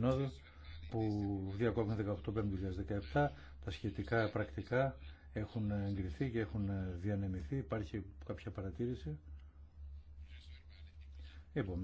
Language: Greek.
Συνόδου που διακόπτουν 18 5 2017. Τα σχετικά πρακτικά έχουν εγκριθεί και έχουν διανεμηθεί. Υπάρχει κάποια παρατήρηση. Επομένως.